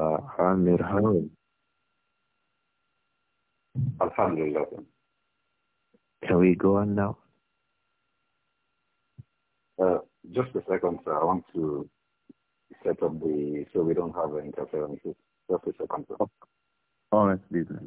عامر هاون Alhamdulillah. Can we go on now? Uh, just a second, sir. I want to set up the, so we don't have any interferences. Just a second, sir. Oh. its business.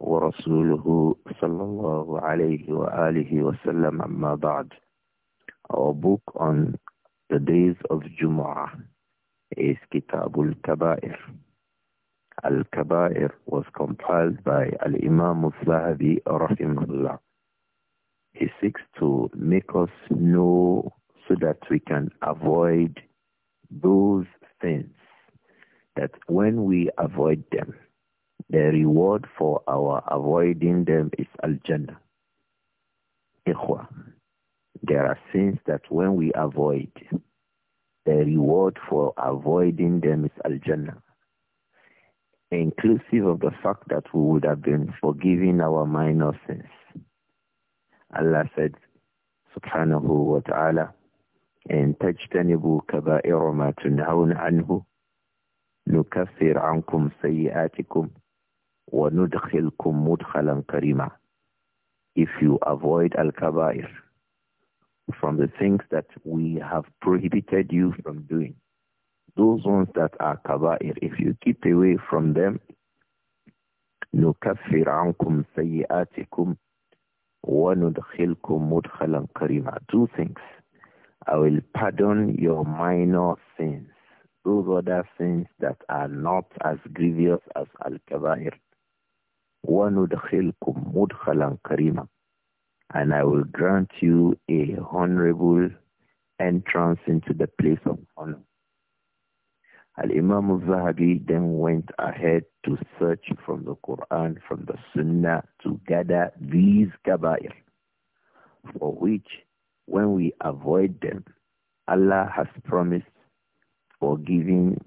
ورسوله صلى الله عليه وآله وسلم أما بعد Our book on the days of Jumu'ah is Kitabul Kabair. Al-Kabair was compiled by Al-Imam al-Zahabi rahimahullah. He seeks to make us know so that we can avoid those things that when we avoid them, the reward for our avoiding them is Al-Jannah. Ikhwa. There are sins that when we avoid, the reward for avoiding them is Al-Jannah. Inclusive of the fact that we would have been forgiving our minor sins. Allah said, subhanahu wa ta'ala, إن تجتنبوا كبائر ما تنهون عنه نكفر عنكم سيئاتكم وَنُدْخِلْكُمْ مُدْخَلًا كَرِيمًا If you avoid al-kabair, from the things that we have prohibited you from doing, those ones that are kabair, if you keep away from them, نُكَفِّرْ عَنْكُمْ سَيِّئَاتِكُمْ وَنُدْخِلْكُمْ مُدْخَلًا كَرِيمًا Two things. I will pardon your minor sins, those other sins that are not as grievous as al-kabair. وَنُدْخِلْكُمْ مُدْخَلًا كَرِيمًا And I will grant you a honorable entrance into the place of honor. Al-Imam al-Zahabi then went ahead to search from the Quran, from the Sunnah, to gather these kabair, for which, when we avoid them, Allah has promised forgiving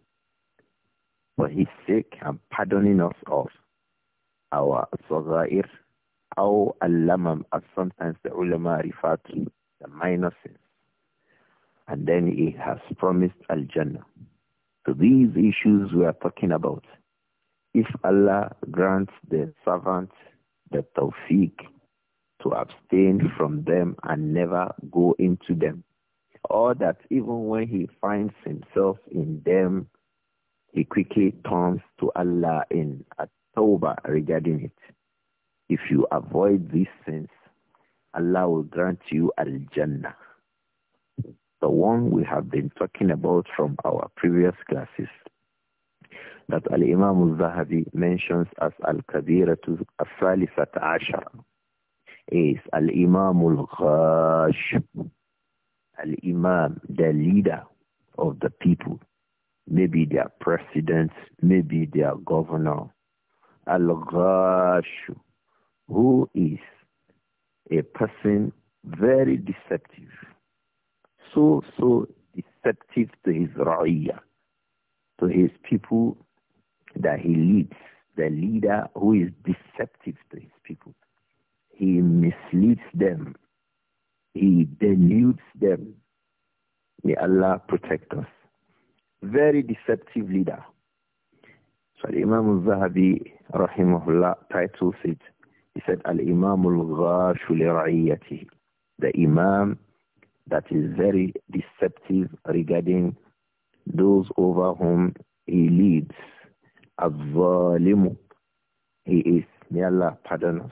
for his sake and pardoning us of our Sagair, Aw Al-Lamam, as sometimes the ulama refer to the minor sins. And then he has promised Al-Jannah. So these issues we are talking about, if Allah grants the servant the tawfiq to abstain from them and never go into them, or that even when he finds himself in them, he quickly turns to Allah in at tawbah regarding it. If you avoid these sins, Allah will grant you al-Jannah. The one we have been talking about from our previous classes that Al-Imam al-Zahabi mentions as al-Kabiratu al-Thalifat Ashara is Al-Imam al-Ghash, Al-Imam, the leader of the people, maybe their president, maybe their governor, Al-Ghashu, who is a person very deceptive. So, so deceptive to his raya, to his people that he leads, the leader who is deceptive to his people. He misleads them. He deludes them. May Allah protect us. Very deceptive leader. So Imam al-Zahabi, rahimahullah, titles it, he said, Al-Imam al-Ghashu li The Imam that is very deceptive regarding those over whom he leads. Al-Zalimu. He is, may Allah pardon us,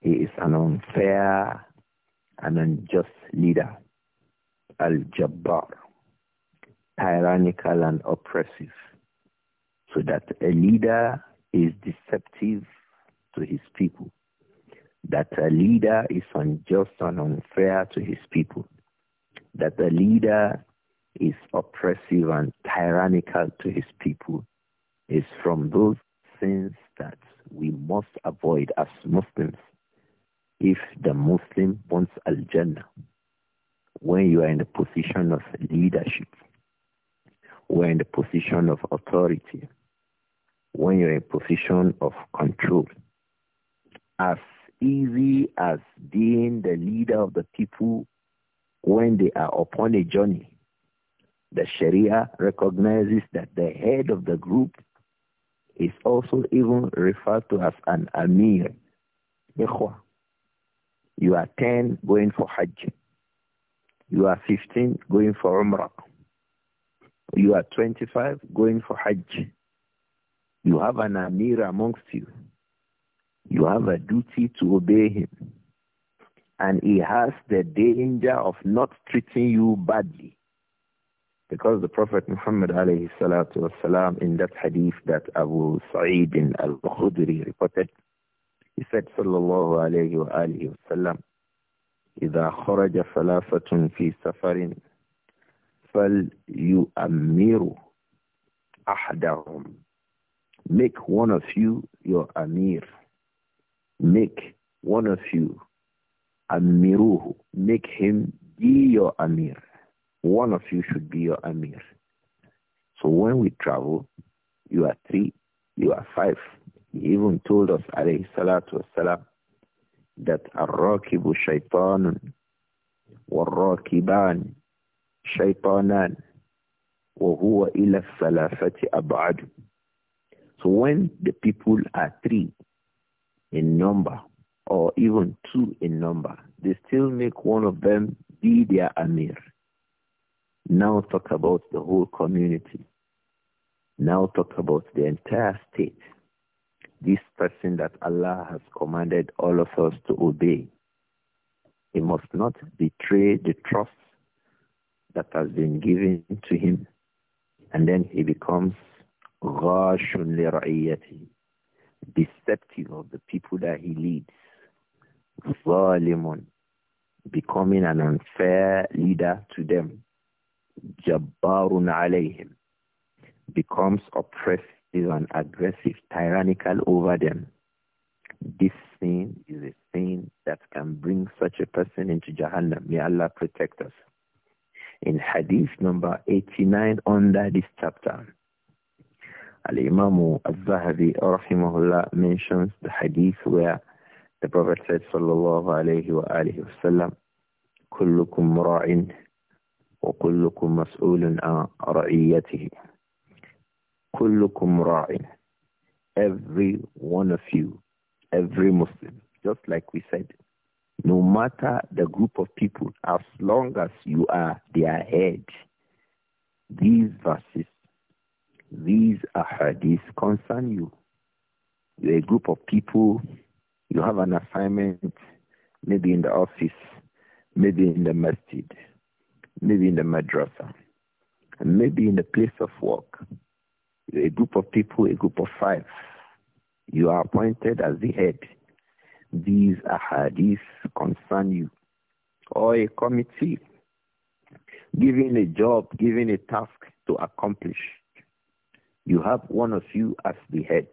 he is an unfair and unjust leader. Al-Jabbar. Tyrannical and oppressive so that a leader is deceptive to his people, that a leader is unjust and unfair to his people, that a leader is oppressive and tyrannical to his people, is from those sins that we must avoid as Muslims if the Muslim wants Al-Jannah. When you are in the position of leadership, when the position of authority, when you're in position of control. As easy as being the leader of the people when they are upon a journey. The Sharia recognizes that the head of the group is also even referred to as an Amir. You are 10 going for Hajj. You are 15 going for Umrah. You are 25 going for Hajj. You have an Amir amongst you. You have a duty to obey him. And he has the danger of not treating you badly. Because the Prophet Muhammad alayhi salatu wasalam in that hadith that Abu Sa'id al-Khudri reported, he said sallallahu alayhi wa alihi wa sallam, إذا خرج ثلاثة في سفر فليؤمروا أحدهم Make one of you your Amir. Make one of you Amiruhu. Make him be your Amir. One of you should be your Amir. So when we travel, you are three, you are five. He even told us, alayhi salatu wasalam, that shaytanun شيطان والراكبان shaytanan, وهو إلى الثلاثة أبعد so when the people are three in number or even two in number, they still make one of them be their Amir. Now talk about the whole community. Now talk about the entire state. This person that Allah has commanded all of us to obey. He must not betray the trust that has been given to him. And then he becomes Ghashun li Deceptive of the people that he leads. Zalimun. Becoming an unfair leader to them. Jabbarun alayhim. Becomes oppressive and aggressive, tyrannical over them. This sin is a sin that can bring such a person into Jahannam. May Allah protect us. In hadith number 89 under this chapter, Al-Imam al-Zahabi rahimahullah mentions the hadith where the Prophet said sallallahu alayhi wa alihi wa sallam كلكم راع وكلكم مسؤول عن كلكم راع every one of you every Muslim just like we said no matter the group of people as long as you are their head these verses these ahadith concern you. You're a group of people. You have an assignment, maybe in the office, maybe in the masjid, maybe in the madrasa, maybe in the place of work. You're a group of people, a group of five. You are appointed as the head. These ahadith concern you. Or a committee, given a job, given a task to accomplish. You have one of you as the head.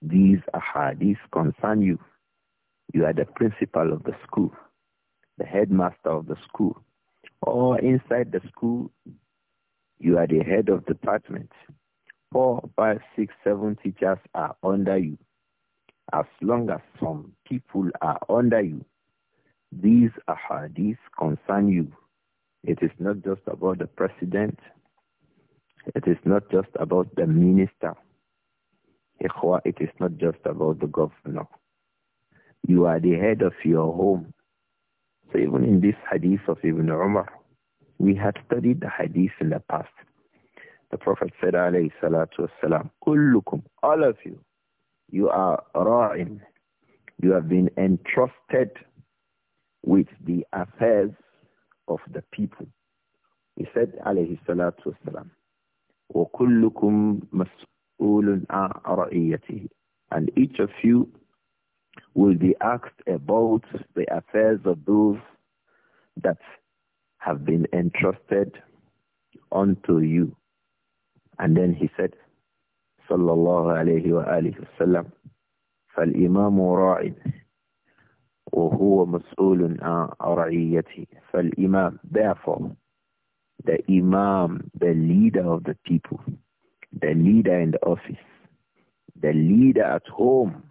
These ahadith concern you. You are the principal of the school, the headmaster of the school. Or inside the school, you are the head of department. Four, five, six, seven teachers are under you. As long as some people are under you, these ahadith concern you. It is not just about the president, it is not just about the minister. Ikhwa, it is not just about the governor. You are the head of your home. So even in this hadith of Ibn Umar, we had studied the hadith in the past. The Prophet said, alayhi all of you, you are ra'in. You have been entrusted with the affairs of the people. He said, alayhi salatu wasalam, وَكُلُّكُمْ مسؤول عَنْ رأيته And each of you will be asked about the affairs of those that have been entrusted unto you. And then he said, صلى الله عليه وآله وسلم فَالْإِمَامُ رَاعٍ وَهُوَ مسؤول عَنْ رَعِيَّتِهِ فَالْإِمَامُ Therefore, the imam, the leader of the people, the leader in the office, the leader at home,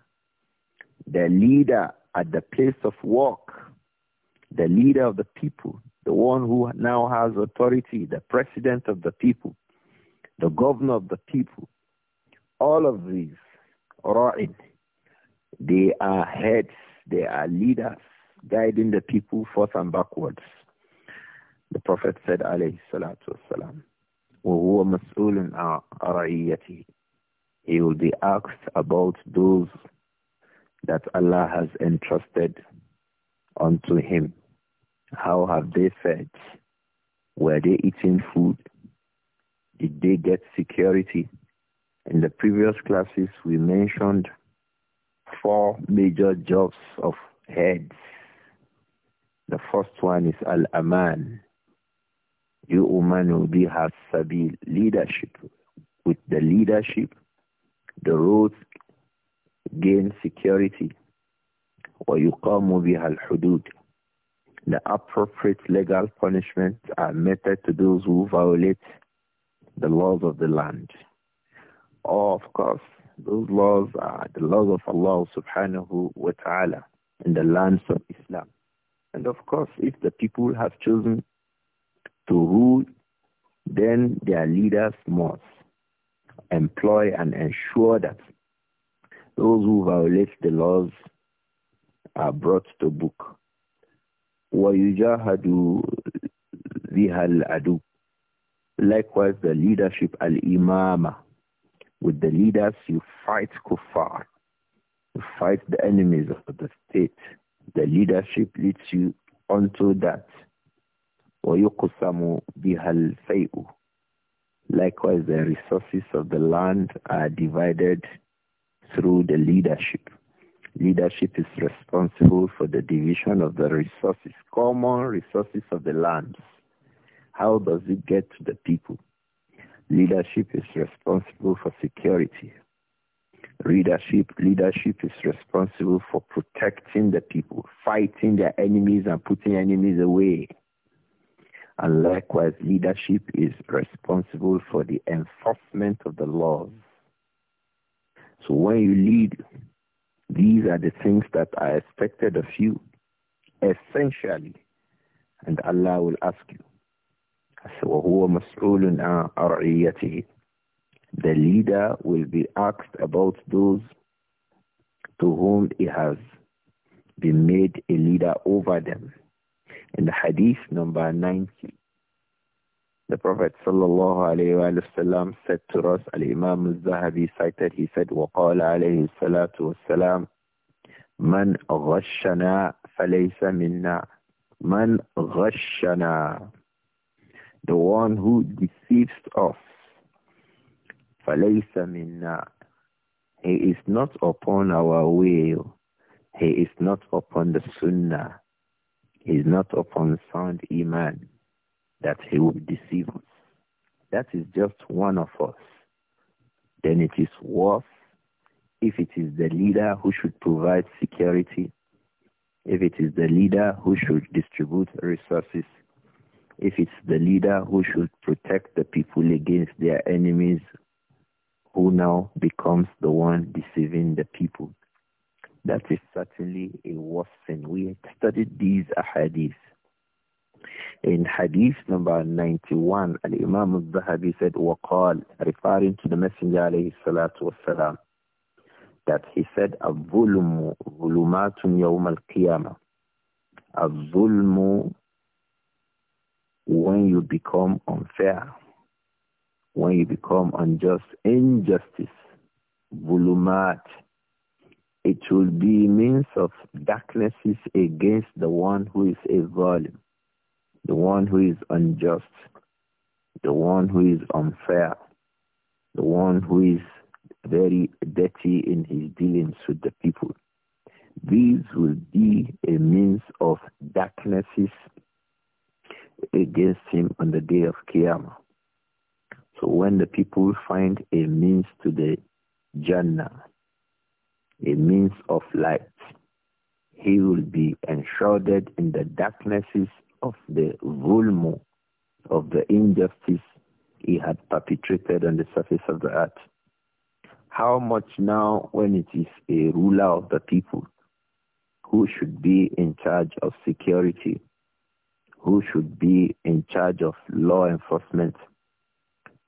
the leader at the place of work, the leader of the people, the one who now has authority, the president of the people, the governor of the people. All of these, Ra'id, they are heads, they are leaders guiding the people forth and backwards. The Prophet said, alayhi salatu wasalam, وَهُوَ مَسْئُولٌ عَرَعِيَّتِهِ He will be asked about those that Allah has entrusted unto him. How have they fed? Were they eating food? Did they get security? In the previous classes, we mentioned four major jobs of heads. The first one is Al-Aman, يؤمن بها السبيل leadership with the leadership the roads gain security ويقام بها الحدود the appropriate legal punishments are meted to those who violate the laws of the land. Oh, of course, those laws are the laws of Allah subhanahu wa ta'ala in the lands of Islam. And of course, if the people have chosen to rule, then their leaders must employ and ensure that those who violate the laws are brought to book. وَيُجَاهَدُ بِهَا الْعَدُوُ Likewise, the leadership al-imama. With the leaders, you fight kuffar. You fight the enemies of the state. The leadership leads you onto that. وَيُقْسَمُ بِهَا الْفَيْءُ Likewise, the resources of the land are divided through the leadership. Leadership is responsible for the division of the resources, common resources of the lands. How does it get to the people? Leadership is responsible for security. Leadership, leadership is responsible for protecting the people, fighting their enemies and putting enemies away. And likewise, leadership is responsible for the enforcement of the laws. So when you lead, these are the things that are expected of you, essentially. And Allah will ask you. the leader will be asked about those to whom he has been made a leader over them. In the hadith number 90, the Prophet sallallahu said to us, Al-Imam al-Zahabi cited, he said, وَقَالَ عَلَيْهِ الصَّلَاةُ وَالسَّلَامُ مَنْ غَشَّنَا فَلَيْسَ مِنَّا مَنْ غَشَّنَا The one who deceives us, فَلَيْسَ مِنَّا He is not upon our will. He is not upon the sunnah is not upon sound iman that he will deceive us. That is just one of us. Then it is worse if it is the leader who should provide security, if it is the leader who should distribute resources, if it's the leader who should protect the people against their enemies, who now becomes the one deceiving the people. That is certainly a worse sin. We studied these hadiths. In hadith number 91, Al-Imam al-Zahabi said, وقال, referring to the Messenger alayhi salatu wasalam, that he said, الظلم ظلمات يوم القيامة. الظلم, when you become unfair, when you become unjust, injustice, ظلمات, it will be means of darknesses against the one who is a volume, the one who is unjust, the one who is unfair, the one who is very dirty in his dealings with the people. These will be a means of darknesses against him on the day of Qiyamah. So when the people find a means to the Jannah, a means of light. He will be enshrouded in the darknesses of the vulmo of the injustice he had perpetrated on the surface of the earth. How much now when it is a ruler of the people who should be in charge of security, who should be in charge of law enforcement,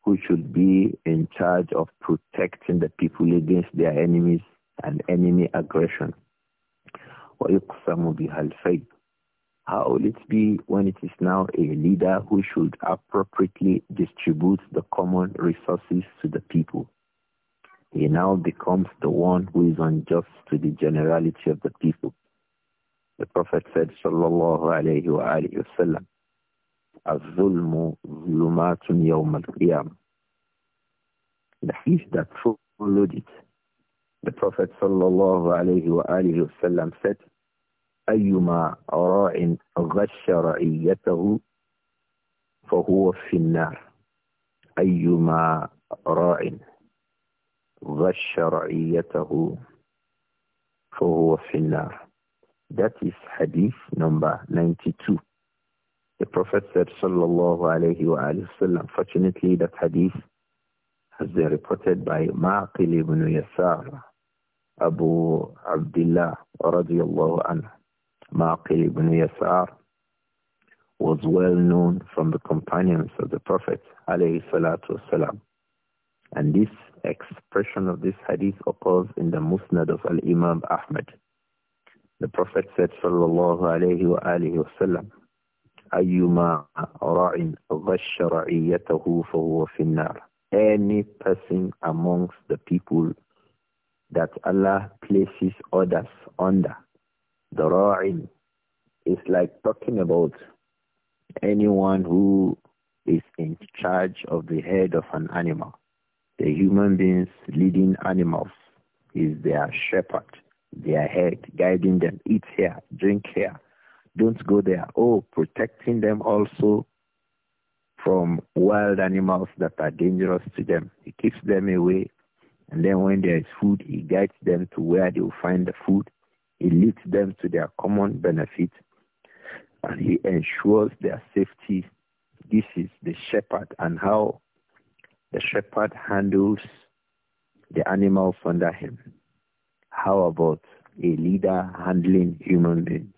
who should be in charge of protecting the people against their enemies, and enemy aggression. How will it be when it is now a leader who should appropriately distribute the common resources to the people? He now becomes the one who is unjust to the generality of the people. The Prophet said, Sallallahu alayhi wa alayhi wa sallam, الظلم ظلمات يوم The hadith that followed it the Prophet sallallahu said, أيما راع غش رعيته فهو في النار أيما راع غش رعيته فهو في النار That is hadith number 92. The Prophet said, sallallahu alayhi wa sallam, fortunately that hadith has been reported by Maqil ibn Yasar أبو عبد الله رضي الله عنه Maqil ibn Yasar was well known from the companions of the Prophet And this expression of this hadith occurs in the Musnad of Al-Imam Ahmad. The Prophet said sallallahu alayhi wa alihi wasallam, أيما راع غش رعيته فهو في النار. Any person amongst the people that Allah places others under. The ruling. is like talking about anyone who is in charge of the head of an animal. The human beings leading animals is their shepherd, their head, guiding them, eat here, drink here, don't go there. Oh, protecting them also from wild animals that are dangerous to them. He keeps them away and then when there is food, he guides them to where they will find the food. He leads them to their common benefit. And he ensures their safety. This is the shepherd and how the shepherd handles the animals under him. How about a leader handling human beings?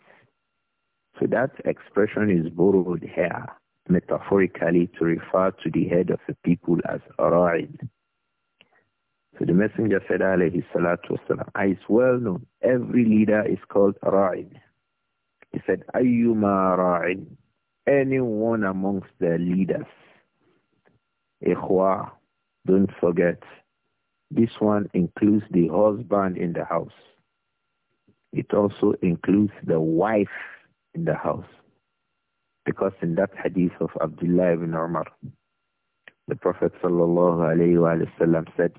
So that expression is borrowed here metaphorically to refer to the head of the people as Ra'id. So the Messenger said, alayhi salatu wasalam, is well known. Every leader is called ra'in. He said, ayyuma ra'in. Anyone amongst the leaders. Ikhwa, don't forget. This one includes the husband in the house. It also includes the wife in the house. Because in that hadith of Abdullah ibn Umar, the Prophet sallallahu alayhi wa said,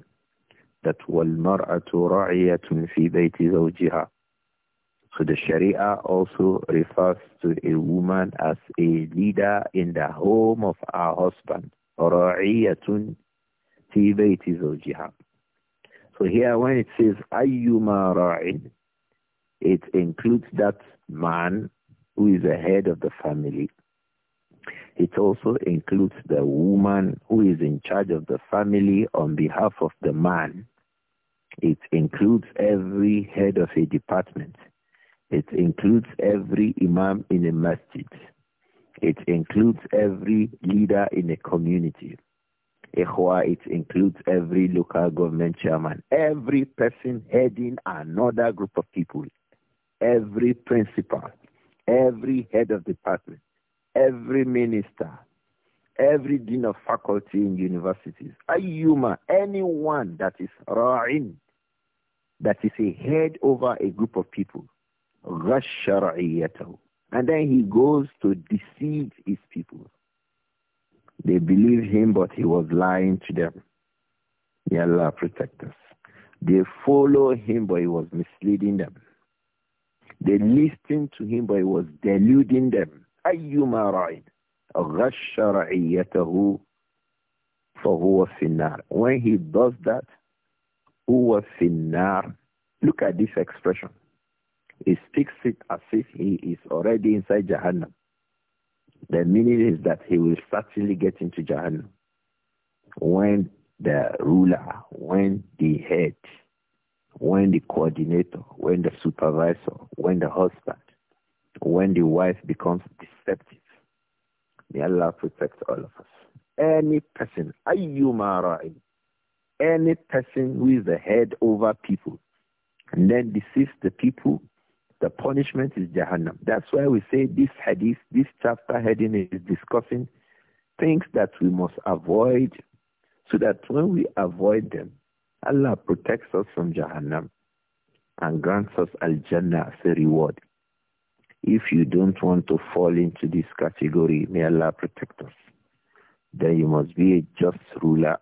that وَالْمَرْأَةُ رَعِيَةٌ فِي بَيْتِ زَوْجِهَا So the Sharia also refers to a woman as a leader in the home of her husband. رَعِيَةٌ فِي بَيْتِ زَوْجِهَا So here when it says أَيُّمَا it includes that man who is the head of the family. It also includes the woman who is in charge of the family on behalf of the man. It includes every head of a department. It includes every imam in a masjid. It includes every leader in a community. it includes every local government chairman, every person heading another group of people, every principal, every head of department, every minister, every dean of faculty in universities, ayuma, anyone that is ra'in, that is a head over a group of people. And then he goes to deceive his people. They believed him, but he was lying to them. May Allah protect us. They follow him, but he was misleading them. They listened to him, but he was deluding them. أيما راعٍ غش رعيته فهو في When he does that, huwa finnar. Look at this expression. He speaks it as if he is already inside Jahannam. The meaning is that he will certainly get into Jahannam when the ruler, when the head, when the coordinator, when the supervisor, when the husband, when the wife becomes deceptive. May Allah protect all of us. Any person, ayyuma ra'in, any person who is the head over people and then deceives the people, the punishment is Jahannam. That's why we say this hadith, this chapter heading is discussing things that we must avoid so that when we avoid them, Allah protects us from Jahannam and grants us Al-Jannah as a reward. If you don't want to fall into this category, may Allah protect us. Then you must be a just ruler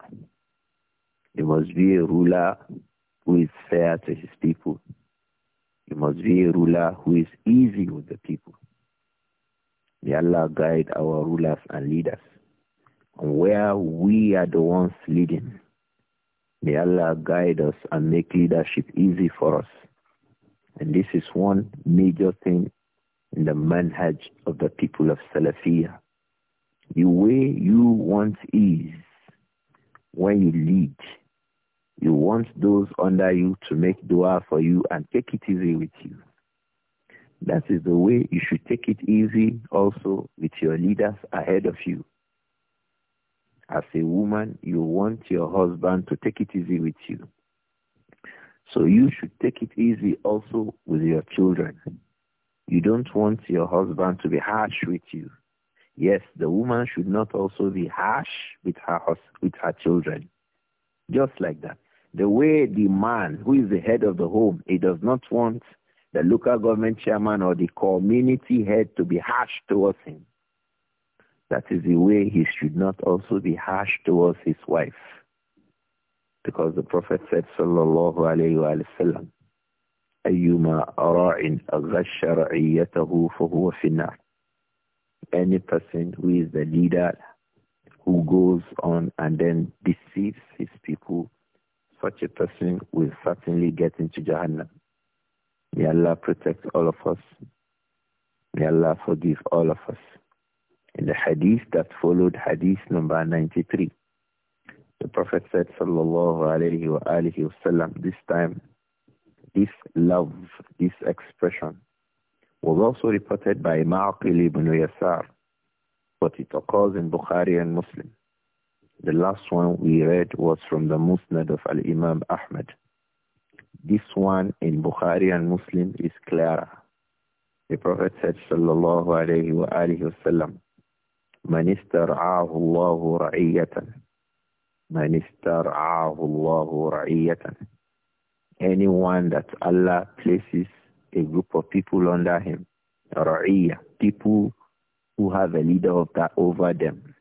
you must be a ruler who is fair to his people. You must be a ruler who is easy with the people. May Allah guide our rulers and leaders. And where we are the ones leading, may Allah guide us and make leadership easy for us. And this is one major thing in the manhaj of the people of Salafia. The way you want ease when you lead you want those under you to make dua for you and take it easy with you. That is the way you should take it easy also with your leaders ahead of you. As a woman, you want your husband to take it easy with you. So you should take it easy also with your children. You don't want your husband to be harsh with you. Yes, the woman should not also be harsh with her with her children. Just like that. The way the man who is the head of the home, he does not want the local government chairman or the community head to be harsh towards him. That is the way he should not also be harsh towards his wife. Because the Prophet said, Sallallahu alayhi wa sallam, أيما راع أغش رعيته فهو في النار. Any person who is the leader who goes on and then deceives his people such a person will certainly get into Jahannam. May Allah protect all of us. May Allah forgive all of us. In the hadith that followed, hadith number 93, the Prophet said, sallallahu alayhi wa alihi wasallam, this time, this love, this expression, was also reported by Ma'aqil ibn Yasar, but it occurs in Bukhari and Muslim. The last one we read was from the Musnad of Al-Imam Ahmad. This one in Bukhari and Muslim is clearer. The Prophet said, Sallallahu alayhi wa alihi wasallam, Man istar'ahu Allahu ra'iyatan. Man istar'ahu Allahu ra'iyatan. Anyone that Allah places a group of people under him, ra'iyah, people who have a leader of that over them,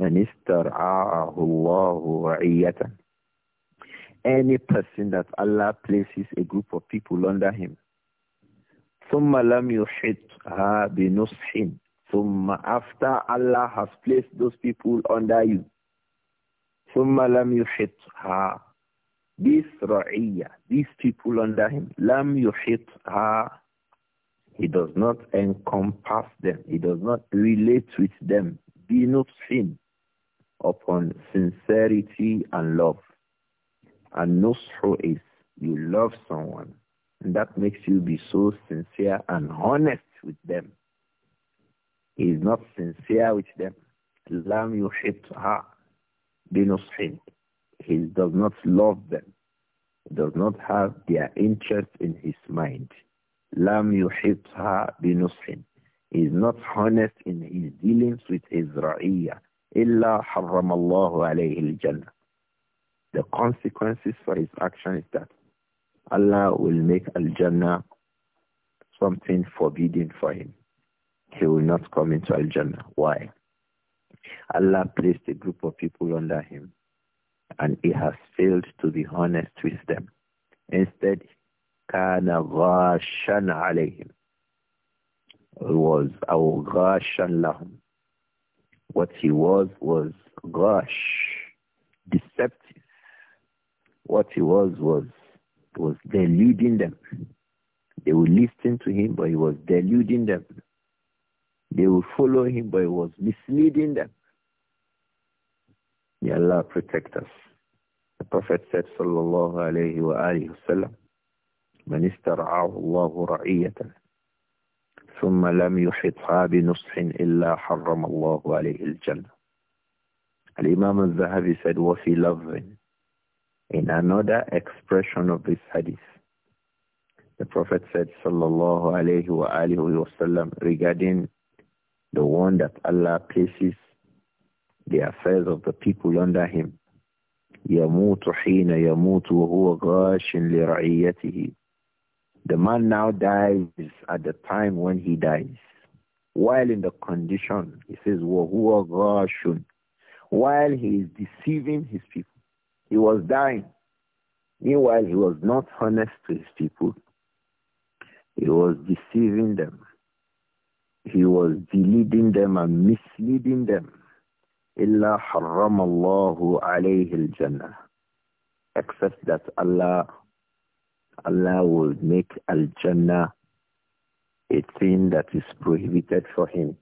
Man istar'a'ahu Allahu ra'iyatan. Any person that Allah places a group of people under him. ثم لم يحطها بنصح ثم after Allah has placed those people under you ثم لم يحطها this رعية these people under him لم يحطها he does not encompass them he does not relate with them بنصح upon sincerity and love. And nusru is you love someone. And that makes you be so sincere and honest with them. He is not sincere with them. Lam yuhibha binushin. He does not love them. He does not have their interest in his mind. Lam yuhibha binushin. He is not honest in his dealings with his ra'iyah إِلَّا حَرَّمَ اللَّهُ عَلَيْهِ الْجَنَّةِ The consequences for his action is that Allah will make Al-Jannah something forbidden for him. He will not come into Al-Jannah. Why? Allah placed a group of people under him and he has failed to be honest with them. Instead, كَانَ غَاشًا عَلَيْهِمْ was أَوْ غَاشًا لَهُمْ what he was was gosh, deceptive. What he was was was deluding them. They would listen to him, but he was deluding them. They would follow him, but he was misleading them. May Allah protect us. The Prophet said, Sallallahu alayhi wa alayhi wa sallam, Man istara'ahu Allahu ra'iyatan ثم لم يحطها بنصح إلا حرم الله عليه الجنة الإمام الذهبي said وفي لفظ in another expression of this hadith the Prophet said صلى الله عليه وآله وسلم regarding the one that Allah places the affairs of the people under him يموت حين يموت وهو غاش لرعيته The man now dies at the time when he dies. While in the condition, he says, Wahua While he is deceiving his people, he was dying. Meanwhile, he was not honest to his people. He was deceiving them. He was deluding them and misleading them. إِلَّا حَرَّمَ alayhi al-jannah. Except that Allah Allah will make Al-Jannah a thing that is prohibited for him.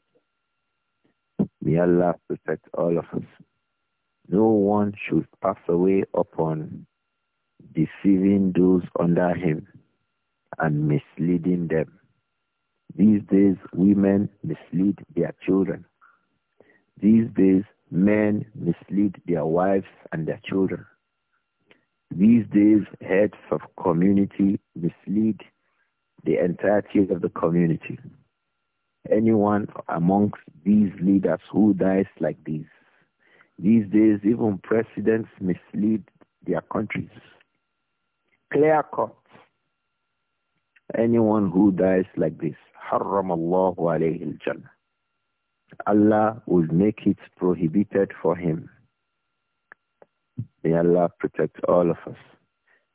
May Allah protect all of us. No one should pass away upon deceiving those under him and misleading them. These days, women mislead their children. These days, men mislead their wives and their children. These days, heads of community mislead the entirety of the community. Anyone amongst these leaders who dies like this, these days even presidents mislead their countries. Clear cut. Anyone who dies like this, haram Allah Allah will make it prohibited for him May Allah protect all of us.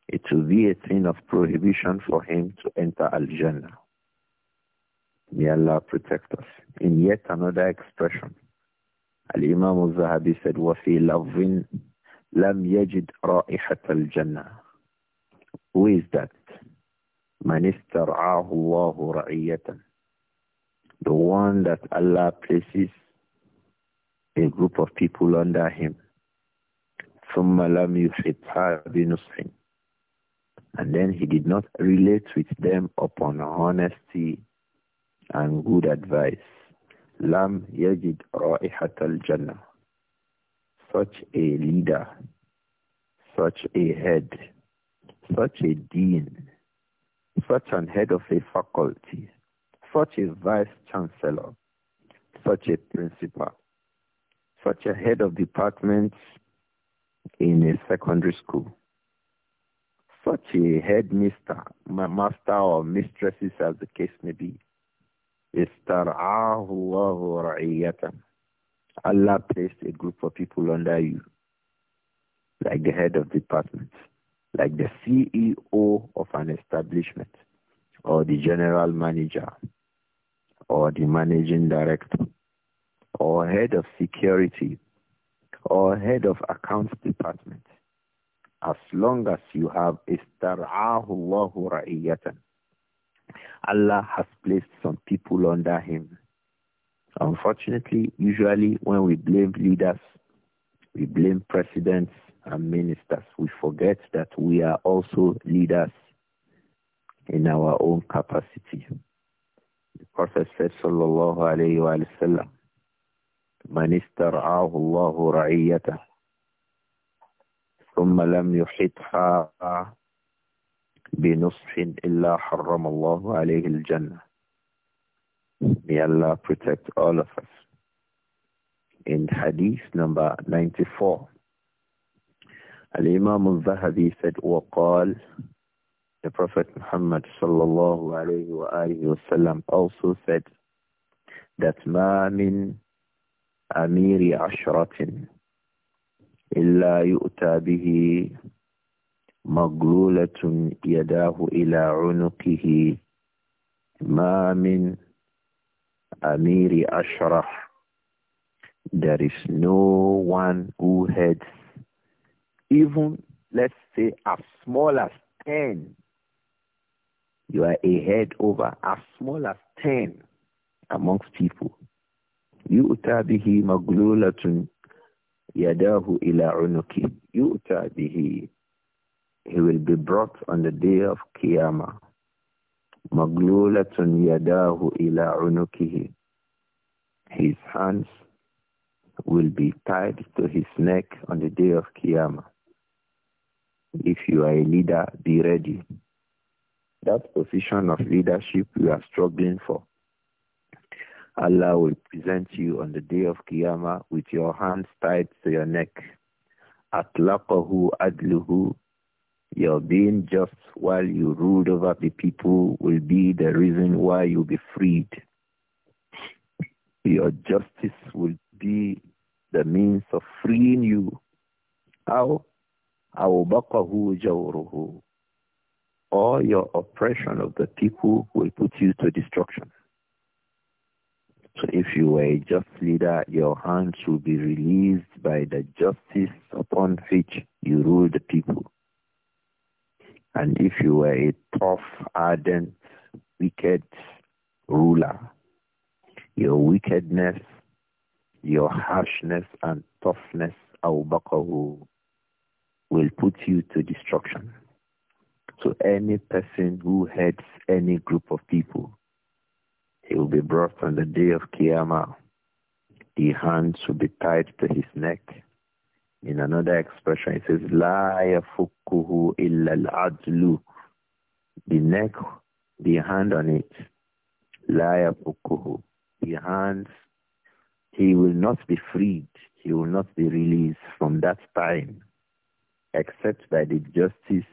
It will be a thing of prohibition for him to enter Al-Jannah. May Allah protect us. In yet another expression, Al-Imam al-Zahabi said, وَفِي lam لَمْ يَجِدْ رَائِحَةَ الْجَنَّةِ Who is that? مَنِ اسْتَرْعَاهُ اللَّهُ رَعِيَّةً The one that Allah places a group of people under him ثم لم يحطها بنصح and then he did not relate with them upon honesty and good advice لم يجد رائحة الجنة such a leader such a head such a dean such an head of a faculty such a vice chancellor such a principal such a head of departments in a secondary school. Such a headmaster, master or mistresses as the case may be, استرعاه الله رعيته. Allah placed a group of people under you, like the head of department, like the CEO of an establishment, or the general manager, or the managing director, or head of security, or head of accounts department. As long as you have istar'ahu Allahu ra'iyatan. Allah has placed some people under him. Unfortunately, usually when we blame leaders, we blame presidents and ministers. We forget that we are also leaders in our own capacity. The Prophet said, Sallallahu Alaihi Wasallam, من استرعاه الله رعيته ثم لم يحطها بنصح إلا حرم الله عليه الجنة May Allah protect all of us. In Hadith number 94, Al-Imam al-Zahabi said, وقال The Prophet Muhammad sallallahu alayhi wa alayhi wa sallam also said that ma min أمير عشرة إلا يؤتى به مغلولة يداه إلى عنقه ما من أمير عشرة There is no one who heads even, let's say, as small as 10. You are a head over as small as 10 amongst people. يؤتى به مغلولة يداه ila عنقه Yu'ta bihi. He will be brought on the day of Qiyamah مغلولة يداه إلى عنقه His hands will be tied to his neck on the day of Qiyamah. If you are a leader, be ready. That position of leadership you are struggling for Allah will present you on the day of Qiyamah with your hands tied to your neck. Atlaqahu adluhu. Your being just while you ruled over the people will be the reason why you'll be freed. Your justice will be the means of freeing you. How? Awbaqahu jawruhu. Or your oppression of the people will put you to destruction. So if you were a just leader, your hands will be released by the justice upon which you rule the people. And if you were a tough, ardent, wicked ruler, your wickedness, your harshness and toughness, awbaqahu, will put you to destruction. So any person who heads any group of people he will be brought on the day of Qiyamah. The hands will be tied to his neck. In another expression, it says, La yafukkuhu illa al-adlu. The neck, the hand on it. La yafukkuhu. The hands, he will not be freed. He will not be released from that time, except by the justice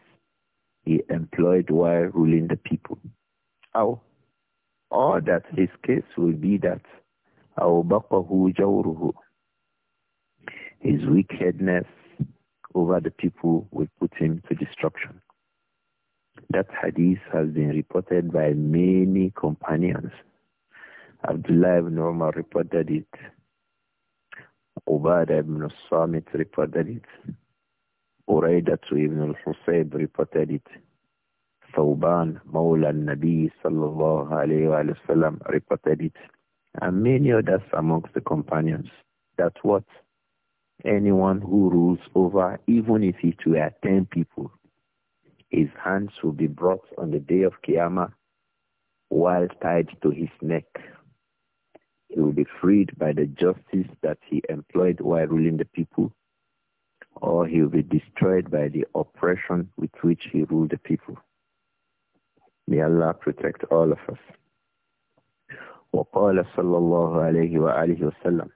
he employed while ruling the people. How? or that his case will be that awbaqahu جوره. His wickedness over the people will put him to destruction. That hadith has been reported by many companions. Abdullah ibn Umar reported it. Ubadah ibn Samit reported it. Uraidat ibn al-Husayb reported it. Thawban, Mawla Nabi sallallahu alayhi wa sallam reported it. And many others amongst the companions. That what? Anyone who rules over, even if it were 10 people, his hands will be brought on the day of Qiyamah while tied to his neck. He will be freed by the justice that he employed while ruling the people, or he will be destroyed by the oppression with which he ruled the people. May Allah protect all of us. وقال صلى الله عليه وآله وسلم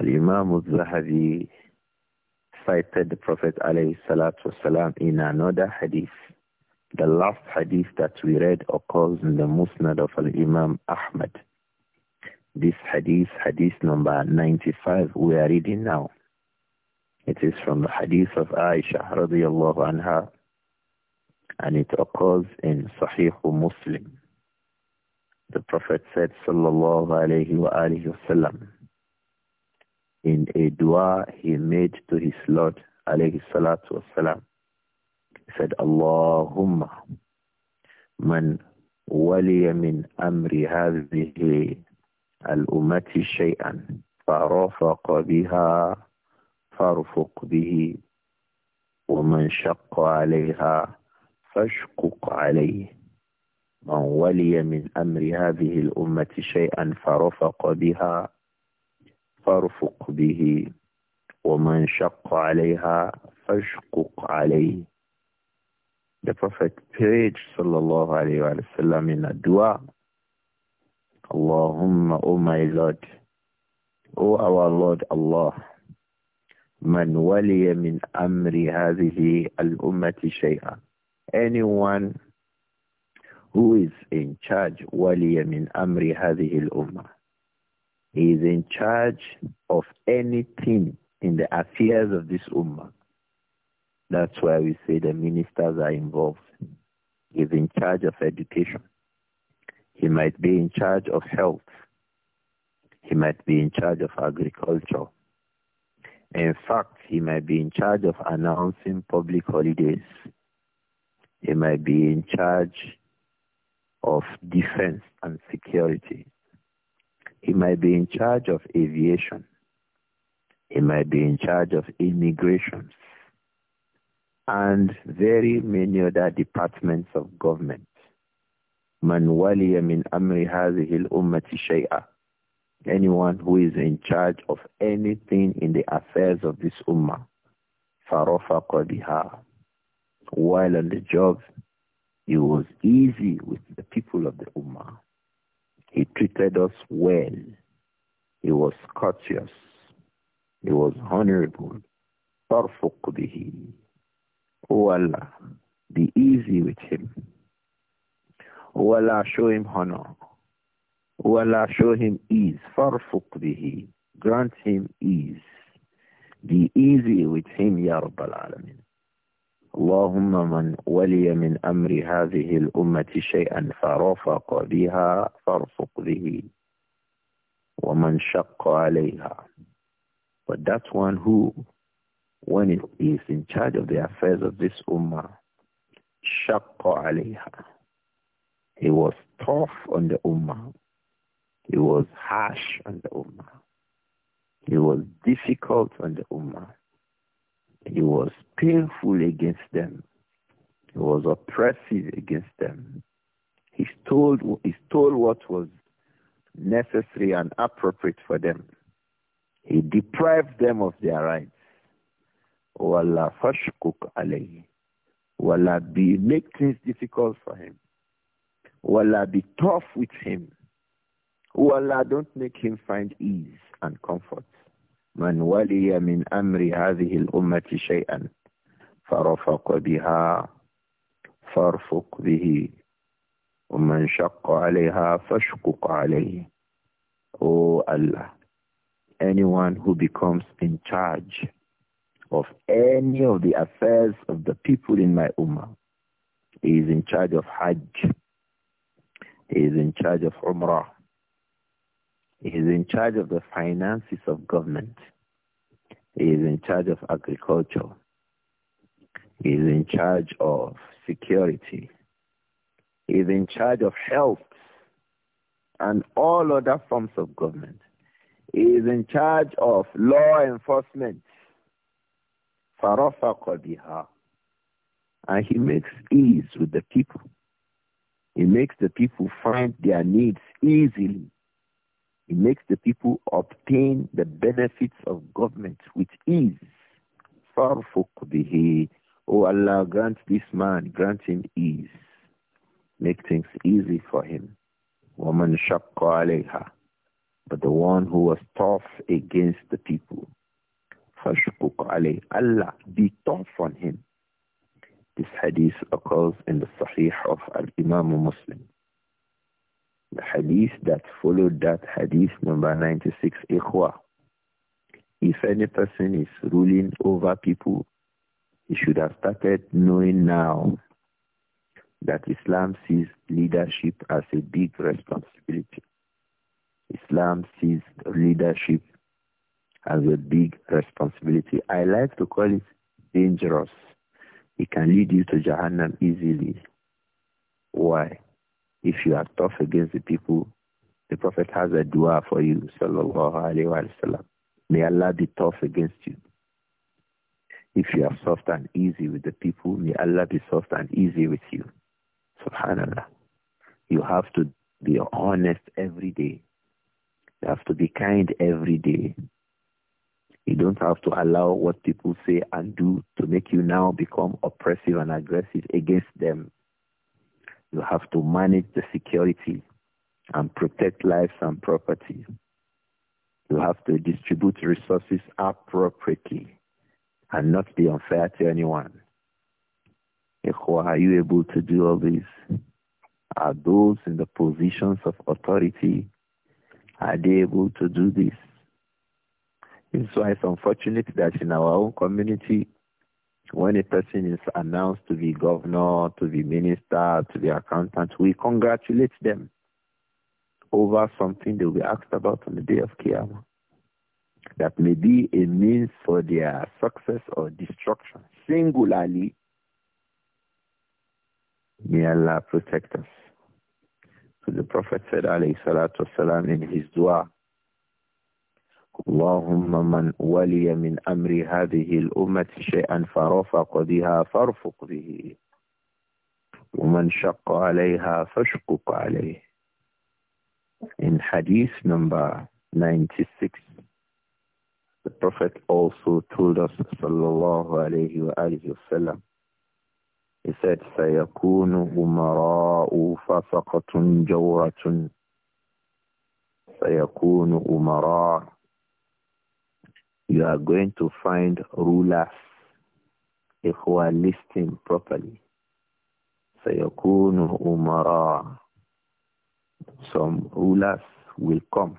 الإمام الذهبي cited the Prophet عليه الصلاة والسلام in another hadith. The last hadith that we read occurs in the Musnad of Al-Imam Ahmad. This hadith, hadith number 95, we are reading now. It is from the hadith of Aisha radiallahu anha and it occurs in Sahih Muslim. The Prophet said, sallallahu alayhi wasallam, in a dua he made to his Lord, alayhi salatu Wasallam," he said, Allahumma man wali min amri hazihi al-umati shay'an farafaqa biha farfuq bihi ومن شق عليها فاشقق عليه من ولي من أمر هذه الأمة شيئا فرفق بها فارفق به ومن شق عليها فاشقق عليه The Prophet prayed صلى الله عليه وسلم in a dua Allahumma, O oh my Lord, O oh our Lord Allah, من ولي من أمر هذه الأمة شيئا anyone who is in charge waliya min amri hadhihi al-ummah he is in charge of anything in the affairs of this ummah that's why we say the ministers are involved he is in charge of education he might be in charge of health he might be in charge of agriculture in fact, he might be in charge of announcing public holidays. He might be in charge of defense and security. He might be in charge of aviation. He might be in charge of immigrations and very many other departments of government. Man min amri al-ummati shay'a. Anyone who is in charge of anything in the affairs of this ummah, farafaqa biha while on the job, he was easy with the people of the Ummah. He treated us well. He was courteous. He was honorable. Tarfuq bihi. O oh Allah, be easy with him. O oh Allah, show him honor. O oh Allah, show him ease. Farfuq bihi. Grant him ease. Be easy with him, Ya Rabbal Alameen. اللهم من ولي من أمر هذه الأمة شيئا فرافق بها فارفق به ومن شق عليها But that one who, when it is in charge of the affairs of this ummah, شق عليها He was tough on the ummah. He was harsh on the ummah. He was difficult on the ummah. He was painful against them. He was oppressive against them. He stole, he stole what was necessary and appropriate for them. He deprived them of their rights. O Allah, fashkuk alayhi. O Allah, be, make things difficult for him. O Allah, be tough with him. O Allah, don't make him find ease and comfort. من ولي من أمر هذه الأمة شيئا فرفق بها فارفق به ومن شق عليها فاشقق عليه أو oh Allah, anyone who becomes in charge of any of the affairs of the people in my Ummah, he is in charge of Hajj, he is in charge of Umrah, He is in charge of the finances of government. He is in charge of agriculture. He is in charge of security. He is in charge of health and all other forms of government. He is in charge of law enforcement. Farafa And he makes ease with the people. He makes the people find their needs easily. It makes the people obtain the benefits of government with ease. Farfuk bihi. Oh Allah, grant this man, grant him ease. Make things easy for him. Woman shakka alayha. But the one who was tough against the people. Fashkuk Allah, be tough on him. This hadith occurs in the Sahih of Al-Imam Muslim. The hadith that followed that hadith number 96, Ikhwa. If any person is ruling over people, he should have started knowing now that Islam sees leadership as a big responsibility. Islam sees leadership as a big responsibility. I like to call it dangerous. It can lead you to Jahannam easily. Why? If you are tough against the people, the Prophet has a dua for you, sallallahu alayhi wa sallam. May Allah be tough against you. If you are soft and easy with the people, may Allah be soft and easy with you. Subhanallah. You have to be honest every day. You have to be kind every day. You don't have to allow what people say and do to make you now become oppressive and aggressive against them. You have to manage the security and protect lives and property. You have to distribute resources appropriately and not be unfair to anyone. Are you able to do all this? Are those in the positions of authority, are they able to do this? It's so it's unfortunate that in our own community, when a person is announced to be governor, to be minister, to be accountant, we congratulate them over something they will be asked about on the day of Qiyamah. That may be a means for their success or destruction. Singularly, may Allah protect us. So the Prophet said, alayhi salatu wasalam, in his dua, اللهم من ولي من أمر هذه الأمة شيئا فرفق بها فارفق به ومن شق عليها فاشقق عليه In hadith number 96 The Prophet also told us sallallahu alayhi wa وآله وسلم, He said سيكون أمراء فسقة جورة سيكون أمراء you are going to find rulers who are listing properly. Sayakunu umara. Some rulers will come.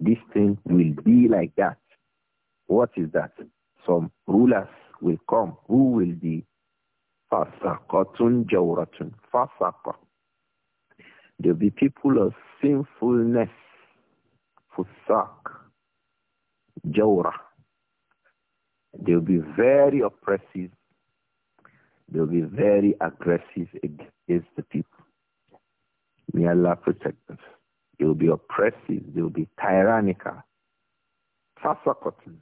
This thing will be like that. What is that? Some rulers will come. Who will be? Fasakatun jawratun. Fasaka. There will be people of sinfulness. Fusak jawra. They'll be very oppressive. They'll be very aggressive against the people. May Allah protect us. They'll be oppressive. They'll be tyrannical. Fasakotin.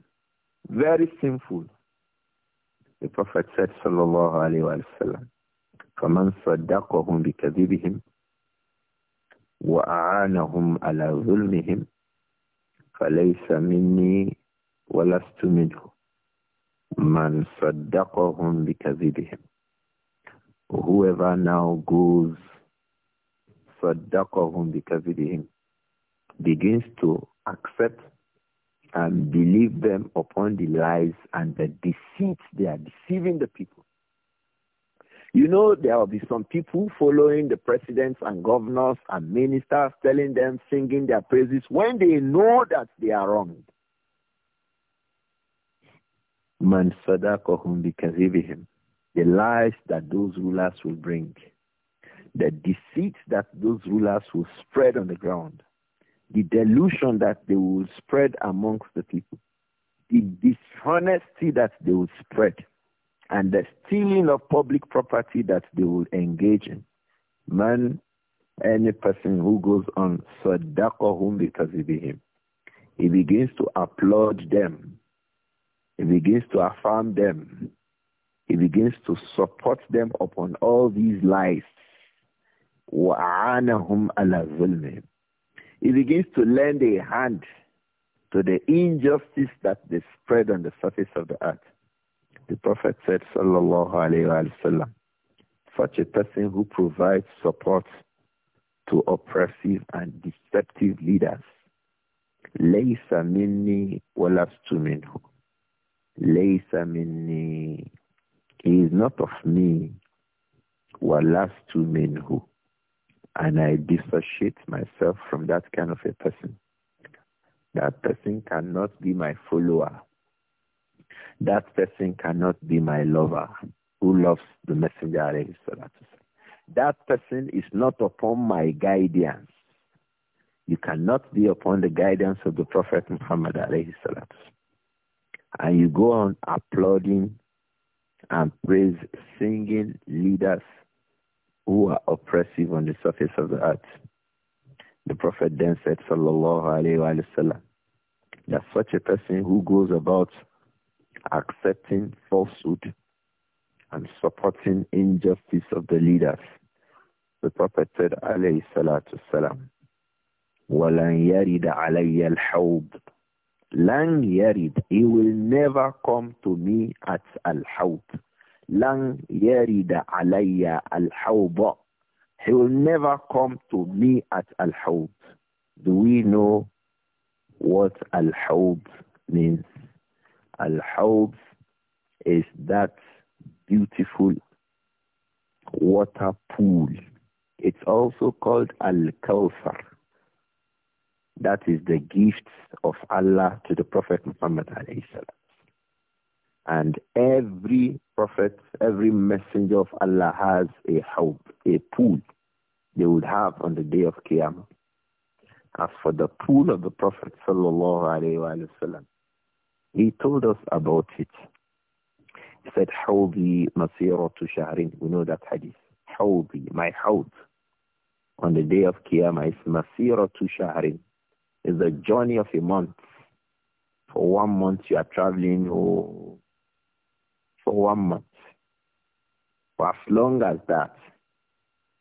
Very sinful. The Prophet said, sallallahu alayhi wa sallam, فَمَنْ صَدَّقَهُمْ بِكَذِبِهِمْ وَأَعَانَهُمْ عَلَى ظُلْمِهِمْ whoever now goes صدقهم بكذبهم begins to accept and believe them upon the lies and the deceit they are deceiving the people you know, there will be some people following the presidents and governors and ministers, telling them, singing their praises when they know that they are wrong. Man bikazibihim. The lies that those rulers will bring. The deceit that those rulers will spread on the ground. The delusion that they will spread amongst the people. The dishonesty that they will spread and the stealing of public property that they will engage in. Man, any person who goes on sadaqahum because he be him, he begins to applaud them. He begins to affirm them. He begins to support them upon all these lies. وَعَانَهُمْ عَلَى ظُلْمِهِمْ He begins to lend a hand to the injustice that they spread on the surface of the earth. The Prophet said, Sallallahu Alaihi Wasallam, such a person who provides support to oppressive and deceptive leaders, minni walas tu minhu, Laysa minni, He is not of me, tu minhu, And I dissociate myself from that kind of a person. That person cannot be my follower that person cannot be my lover who loves the messenger that person is not upon my guidance you cannot be upon the guidance of the prophet muhammad alayhi and you go on applauding and praise singing leaders who are oppressive on the surface of the earth the prophet then said sallallahu that such a person who goes about accepting falsehood and supporting injustice of the leaders. The Prophet said, alayhi salatu salam, وَلَنْ يَرِدَ عَلَيَّ الْحَوْضِ لن يرد. he will never come to me at al لن يرد علي alayya He will never come to me at al Do we know what al means? al hawb is that beautiful water pool. It's also called Al-Kawthar. That is the gift of Allah to the Prophet Muhammad And every prophet, every messenger of Allah has a hawb, a pool they would have on the day of Qiyamah. As for the pool of the Prophet sallallahu alaihi wasallam, he told us about it. He said, Hawdi masiratu shahrin. We know that hadith. How my hawd. On the day of Qiyamah is masiratu shahrin. It's a journey of a month. For one month you are traveling oh, for one month. For as long as that,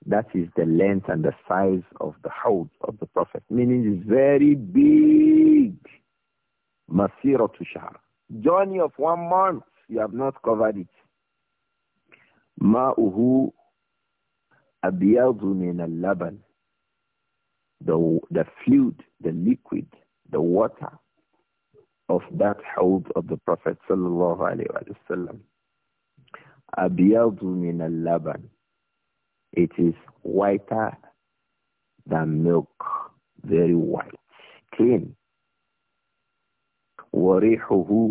that is the length and the size of the house of the Prophet, meaning it's very big. Masira to Shahar. Journey of one month, you have not covered it. Ma Ma'uhu abiyadu min al-laban. The, the fluid, the liquid, the water of that hold of the Prophet sallallahu alayhi wa sallam. Abiyadu min al-laban. It is whiter than milk, very white, clean. وريحه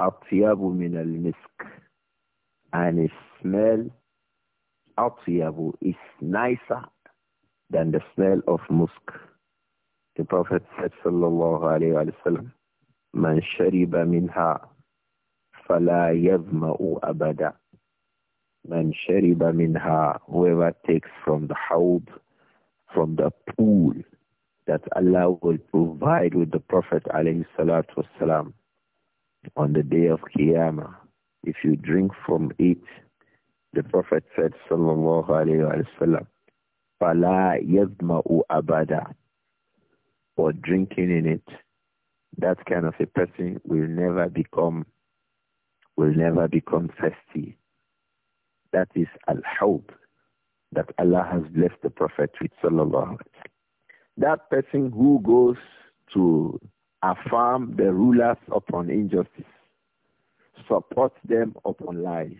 أطيب من المسك and his smell أطيب is nicer than the smell of musk. The Prophet said صلى الله عليه وسلم من شرب منها فلا يظمأ أبدا من شرب منها whoever takes from the حوض from the pool that Allah will provide with the Prophet والسلام, on the day of Qiyamah. If you drink from it, the Prophet said, Sallallahu Alaihi Wasallam, Fala yazma'u abada. For drinking in it, that kind of a person will never become, will never become thirsty. That is al-hawb that Allah has blessed the Prophet with, Sallallahu Alaihi that person who goes to affirm the rulers upon injustice, supports them upon lies,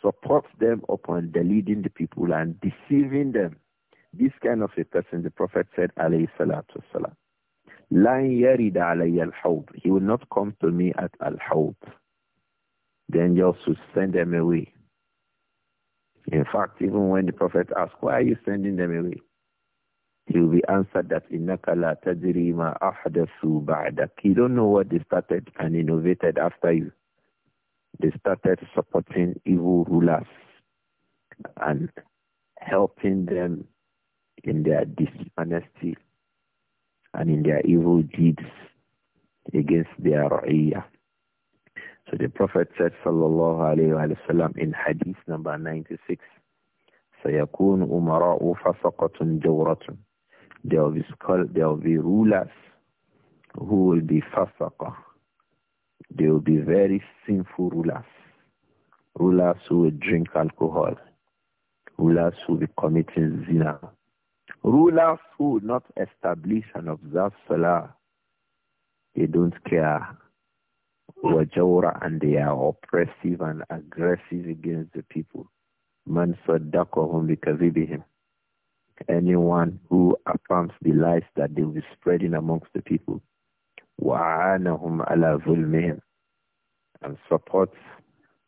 supports them upon deluding the people and deceiving them. This kind of a person, the Prophet said, alayhi salatu wasalam, لَنْ يَرِدَ عَلَيَّ He will not come to me at al-hawd. The angels will send them away. In fact, even when the Prophet asked, why are you sending them away? he will be answered that innaka la tadri ma ahdathu ba'dak. You don't know what they started and innovated after you. They started supporting evil rulers and helping them in their dishonesty and in their evil deeds against their ra'iyah. So the Prophet said, sallallahu alayhi wasallam, in hadith number 96, سيكون أمراء فسقة jawratun." There will be scholars, there will be rulers who will be fasaqah. They will be very sinful rulers. Rulers who will drink alcohol. Rulers who will be committing zina. Rulers who will not establish and observe salah. They don't care. Wajawra and they are oppressive and aggressive against the people. Man saddaqahum bikazibihim anyone who affirms the lies that they will be spreading amongst the people. وَعَانَهُمْ عَلَى ظُلْمِهِمْ And supports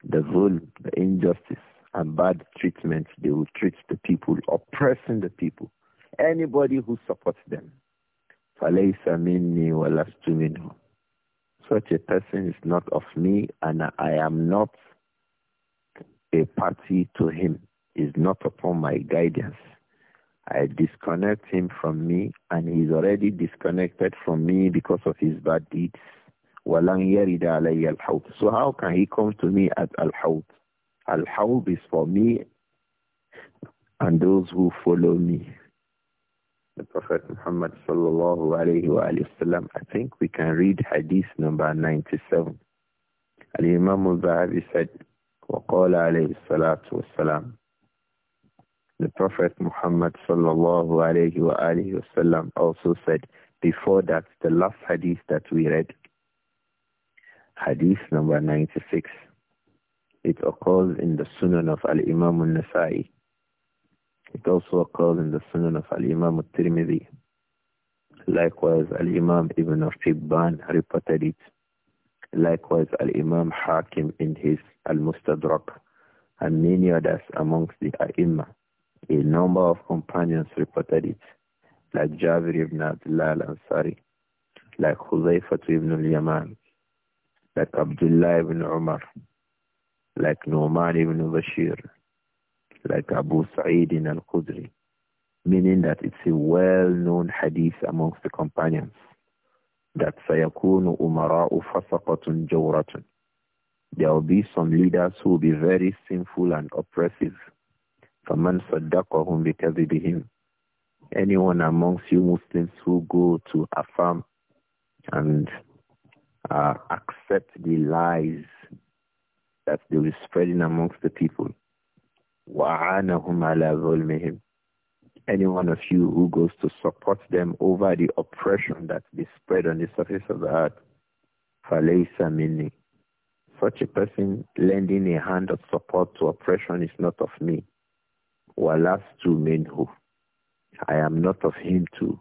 the zulm, the injustice and bad treatment they will treat the people, oppressing the people. Anybody who supports them. فَلَيْسَ مِنِّي وَلَسْتُ مِنْهُ Such a person is not of me and I am not a party to him, is not upon my guidance. I disconnect him from me, and he's already disconnected from me because of his bad deeds. وَلَنْ يَرِدَ عَلَيَّ الْحَوْضِ So how can he come to me at Al-Hawd? Al-Hawd is for me and those who follow me. The Prophet Muhammad sallallahu alayhi wa sallam, I think we can read hadith number 97. Al-Imam al-Bahabi said, وَقَالَ عَلَيْهِ الصَّلَاةُ وَالسَّلَامُ the Prophet Muhammad sallallahu alayhi wa alayhi wasallam also said before that the last hadith that we read, hadith number 96, it occurs in the Sunan of Al-Imam al-Nasai. It also occurs in the Sunan of Al-Imam al-Tirmidhi. Likewise, Al-Imam Ibn Hibban reported it. Likewise, Al-Imam Hakim in his Al-Mustadrak and many others amongst the ai a number of companions reported it, like Jabir ibn Abdullah al-Ansari, like Huzaifa ibn al-Yaman, like Abdullah ibn Umar, like Nu'man ibn Bashir, like Abu Sa'id al qudri meaning that it's a well-known hadith amongst the companions that سَيَكُونُ أُمَرَاءُ فَسَقَةٌ جَوْرَةٌ There will be some leaders who will be very sinful and oppressive. فَمَنْ صَدَّقَهُمْ بِكَذِبِهِمْ Anyone amongst you Muslims who go to affirm and uh, accept the lies that they were spreading amongst the people. وَعَانَهُمْ عَلَى ظُلْمِهِمْ Any one of you who goes to support them over the oppression that they spread on the surface of the earth, فَلَيْسَ مِنِّي Such a person lending a hand of support to oppression is not of me. وَلَسْتُ مِنْهُ I am not of him too.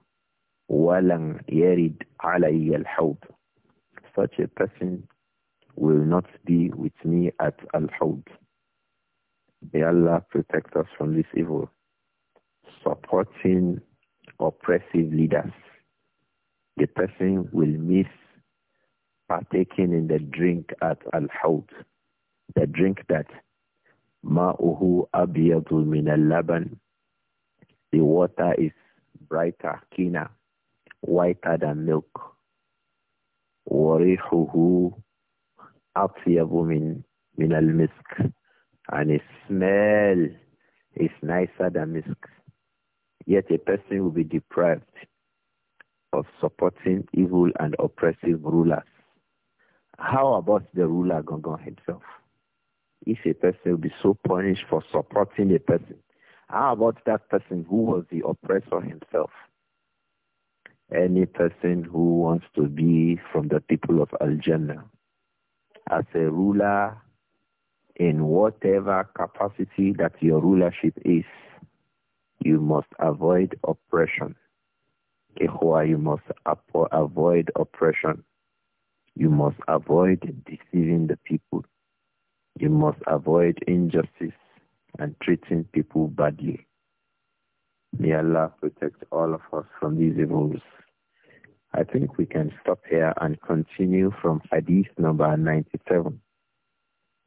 وَلَنْ يَرِدْ al الْحَوْضُ Such a person will not be with me at Al-Hawd. May Allah protect us from this evil. Supporting oppressive leaders. The person will miss partaking in the drink at Al-Hawd. The drink that Ma'uhu abiyadu min al-laban. The water is brighter, keener, whiter than milk. Warihuhu atyabu min, min al-misk. And its smell is nicer than misk. Yet a person will be deprived of supporting evil and oppressive rulers. How about the ruler Gongon himself? if a person will be so punished for supporting a person, how about that person who was the oppressor himself? Any person who wants to be from the people of Al-Jannah as a ruler in whatever capacity that your rulership is, you must avoid oppression. Ikhwa, you must avoid oppression. You must avoid deceiving the people. You must avoid injustice and treating people badly. May Allah protect all of us from these evils. I think we can stop here and continue from hadith number 97.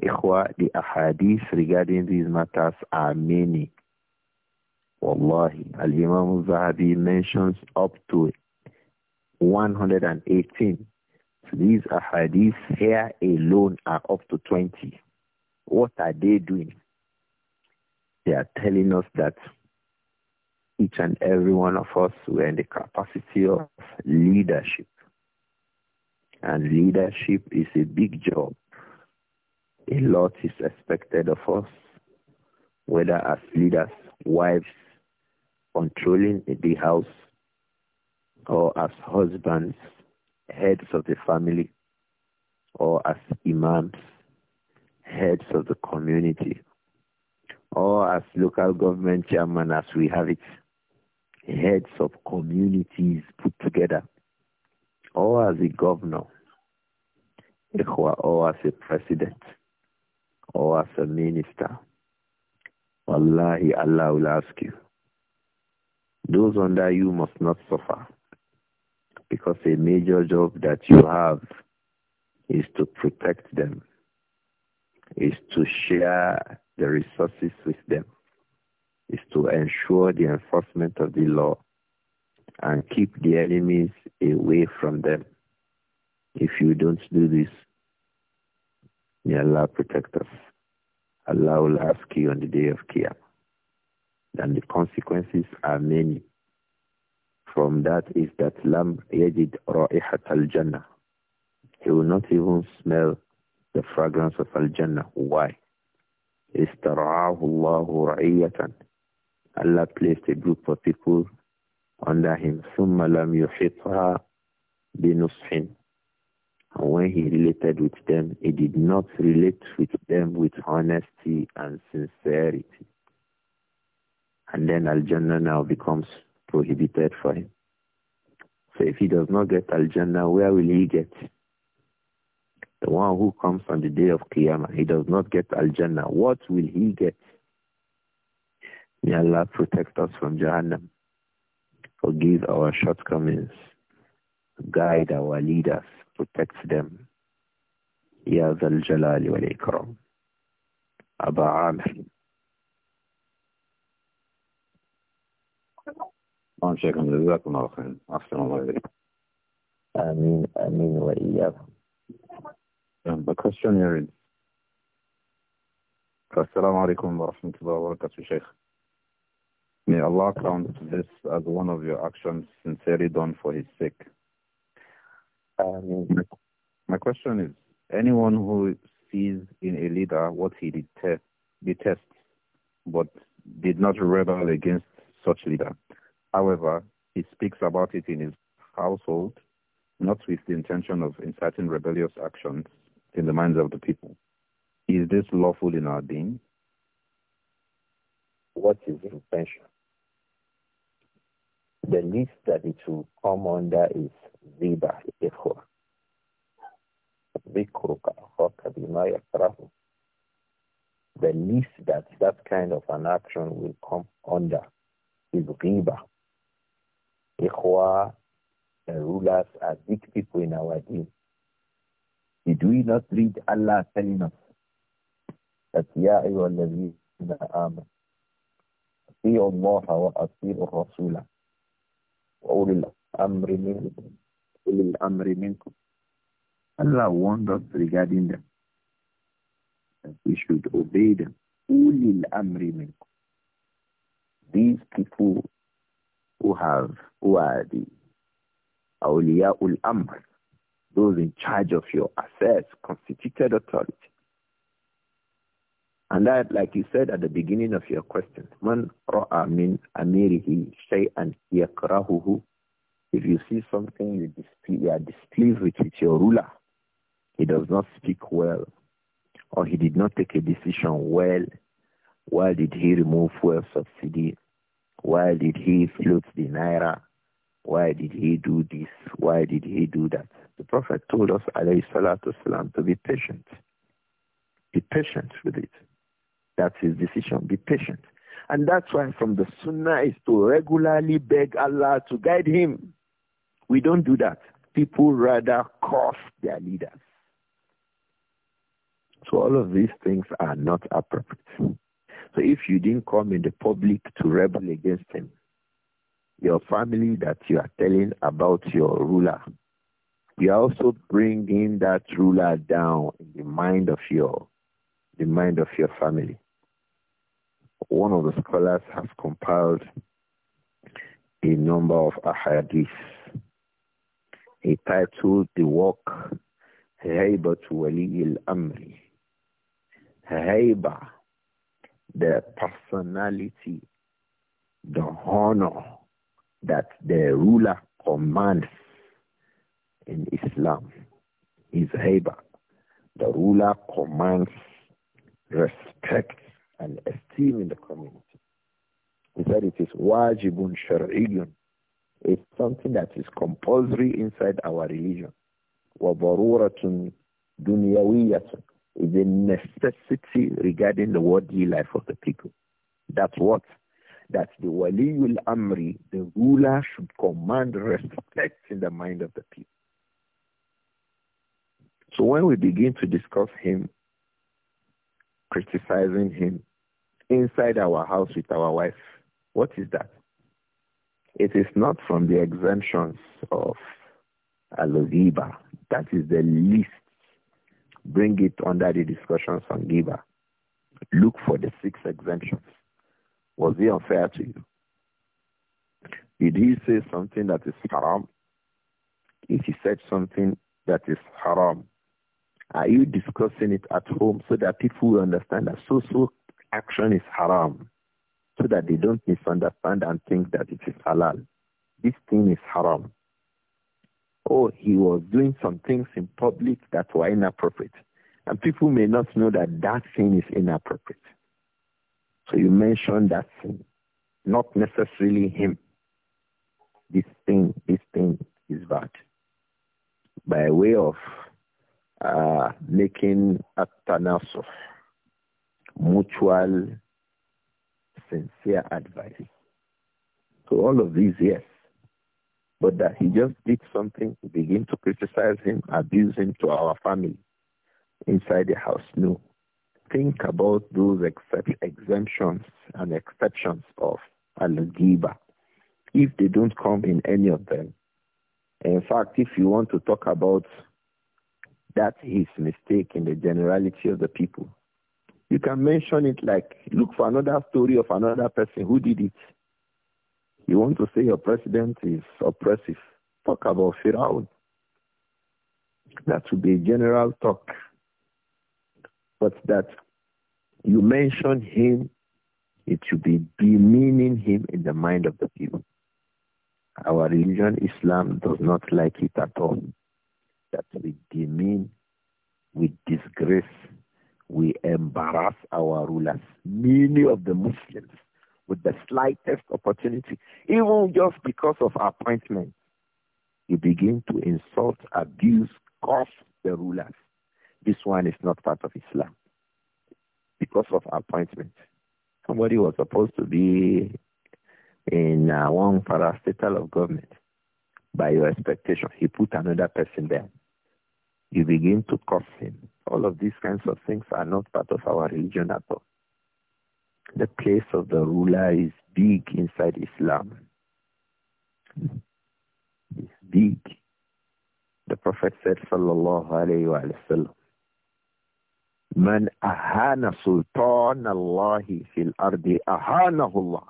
Ikhwa, the ahadith regarding these matters are many. Wallahi, Al-Imam Zahabi mentions up to 118. So these ahadith here alone are up to 20. What are they doing? They are telling us that each and every one of us were in the capacity of leadership. And leadership is a big job. A lot is expected of us, whether as leaders, wives, controlling the house, or as husbands, heads of the family, or as imams, heads of the community or as local government chairman as we have it, heads of communities put together or as a governor or as a president or as a minister. Wallahi, Allah will ask you. Those under you must not suffer because a major job that you have is to protect them is to share the resources with them, is to ensure the enforcement of the law and keep the enemies away from them. If you don't do this, may Allah protect us. Allah will ask you on the day of Qiyamah. And the consequences are many. From that is that Lam yajid ra'ihat al-jannah. He will not even smell the fragrance of Al-Jannah. Why? Istara'ahu Allahu ra'iyatan. Allah placed a group of people under him. ثُمَّ لَمْ يُحِطْهَا بِنُصْحٍ And when he related with them, he did not relate with them with honesty and sincerity. And then Al-Jannah now becomes prohibited for him. So if he does not get Al-Jannah, where will he get? The one who comes on the day of Qiyamah, he does not get Al-Jannah. What will he get? May Allah protect us from Jahannam. Forgive our shortcomings. Guide our leaders. Protect them. Ya Zal Jalali wal Ikram. Aba Amir. شكرا جزاكم الله خير احسن الله اليكم um, the question here is, Assalamu alaikum wa rahmatullahi wa barakatuh, Shaykh. May Allah count this as one of your actions sincerely done for his sake. Um, my question is, anyone who sees in a leader what he detests but did not rebel against such leader, however, he speaks about it in his household, not with the intention of inciting rebellious actions, in the minds of the people. Is this lawful in our deen? What is intention? The least that it will come under is riba, ikhwa. the least that that kind of an action will come under is riba. Ikhwa, the rulers are big people in our deen. Did we not read Allah telling us that يا أيها الذين آمنوا أطيعوا الله وأطيعوا الرسول وأولي الأمر منكم أولي الأمر منكم Allah warned us regarding them that we should obey them أولي الأمر منكم These people who have who are the أولياء الأمر those in charge of your assets constituted authority. And that, like you said at the beginning of your question, man ra'a min amirihi shay'an yakrahuhu. If you see something you, displease, you are displeased with, with your ruler, he does not speak well, or he did not take a decision well, why did he remove wealth subsidy? Why did he float the naira? Why did he do this? Why did he do that? The Prophet told us, alayhi salatu salam, to be patient. Be patient with it. That's his decision. Be patient. And that's why from the sunnah is to regularly beg Allah to guide him. We don't do that. People rather curse their leaders. So all of these things are not appropriate. So if you didn't come in the public to rebel against him, your family that you are telling about your ruler. You are also bringing that ruler down in the mind of your, the mind of your family. One of the scholars has compiled a number of ahadith. He titled the work Haybatu Wali al-Amri. Hayba, the personality, the honor that the ruler commands in Islam is Haiba. The ruler commands respect and esteem in the community. He said it is wajibun shar'iyun. It's something that is compulsory inside our religion. Wabaruratun دُنْيَوِيَّةٌ is a necessity regarding the worldly life of the people. That's what that the waliul amri, the ruler, should command respect in the mind of the people. So when we begin to discuss him, criticizing him inside our house with our wife, what is that? It is not from the exemptions of al-ghiba. is the least. Bring it under the discussions on ghiba. Look for the six exemptions. Was he unfair to you? Did he say something that is haram? If he said something that is haram, are you discussing it at home so that people will understand that so-so action is haram? So that they don't misunderstand and think that it is halal. This thing is haram. Or oh, he was doing some things in public that were inappropriate. And people may not know that that thing is inappropriate. So you mentioned that sin, not necessarily him. This thing, this thing is bad. By way of uh, making a tanasuf, mutual, sincere advice. So all of these, yes. But that he just did something, begin to criticize him, abuse him to our family inside the house, no think about those except, exemptions and exceptions of al-ghiba. If they don't come in any of them, in fact, if you want to talk about that his mistake in the generality of the people, you can mention it like, look for another story of another person who did it. You want to say your president is oppressive. Talk about Firaun. That would be a general talk but that you mention him, it should be demeaning him in the mind of the people. Our religion, Islam, does not like it at all. That we demean, we disgrace, we embarrass our rulers. Many of the Muslims, with the slightest opportunity, even just because of appointment, you begin to insult, abuse, curse the rulers. This one is not part of Islam because of appointment. Somebody was supposed to be in uh, one parastatal of government by your expectation. He put another person there. You begin to curse him. All of these kinds of things are not part of our religion at all. The place of the ruler is big inside Islam. It's big. The Prophet said, Sallallahu Alaihi Wasallam, Man سلطان الله في الأرض ardi ahanahullah.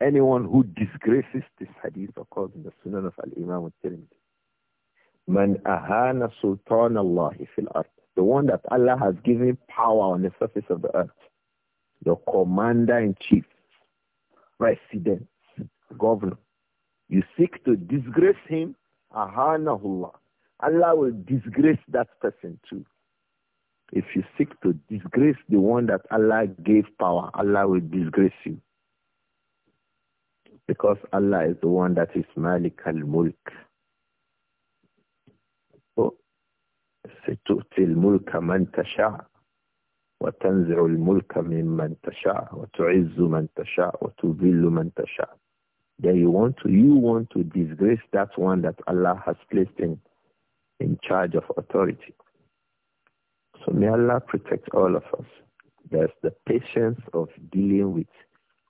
Anyone who disgraces this hadith according to the Sunan of Al-Imam al-Tirmidhi. Man ahana سلطان الله في الأرض. The one that Allah has given power on the surface of the earth. The commander-in-chief, president, governor. You seek to disgrace him, ahanahullah. Allah will disgrace that person too. If you seek to disgrace the one that Allah gave power, Allah will disgrace you. Because Allah is the one that is Malik al-Mulk. So, al الملك من تشاء وتنزع الملك ممن تشاء وتعز من تشاء وتذل من تشاء then you want to you want to disgrace that one that Allah has placed in in charge of authority so may Allah protect all of us. There's the patience of dealing with